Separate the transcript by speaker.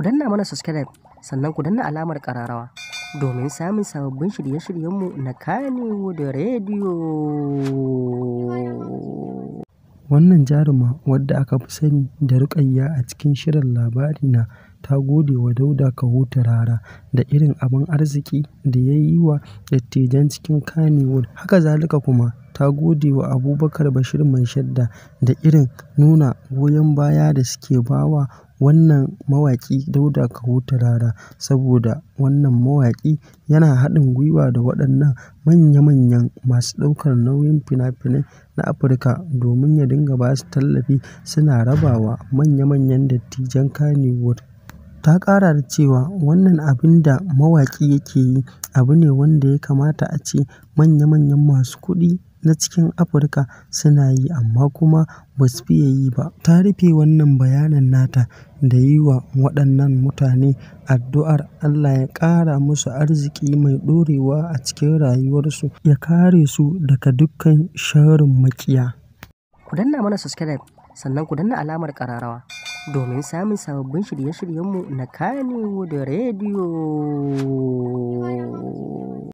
Speaker 1: ku danna mana subscribe sannan ku danna alamar kararawa domin samun sababbin shirye-shiryenmu na kanewo da rediyo
Speaker 2: wannan jaruma wadda aka fi sani da rukayya a cikin shirin labari na ta gode wa dauda kahuta rara da irin abin arziki da ya yi wa dattijan cikin kanewar haka zalika kuma ta gode wa abubakar bashir mai shadda da irin nuna goyon baya da suke bawa wannan mawaƙi Dauda Kawo Turara saboda wannan mawaƙi yana haɗin gwiwa da waɗannan manya-manyan masu ɗaukar nauyin fina-finai na Afirka domin ya dinga ba su tallafi, suna rabawa manya-manyan dattijan Kannywood. Ta ƙara da cewa, wannan abin da mawaƙi yake yi abu ne wanda ya kamata a ce manya-manyan masu kuɗi na cikin Afirka suna yi amma kuma ba su fiye yi ba. Ta rufe wannan bayanan nata da yi wa waɗannan mutane addu'ar Allah ya ƙara musu arziki mai ɗorewa a cikin rayuwarsu, ya kare su daga dukkan sharin maƙiya.
Speaker 1: Ku danna mana subscribe sannan ku danna alamar ƙararrawa. domin samun sababbin shirye-shiryenmu na da rediyo.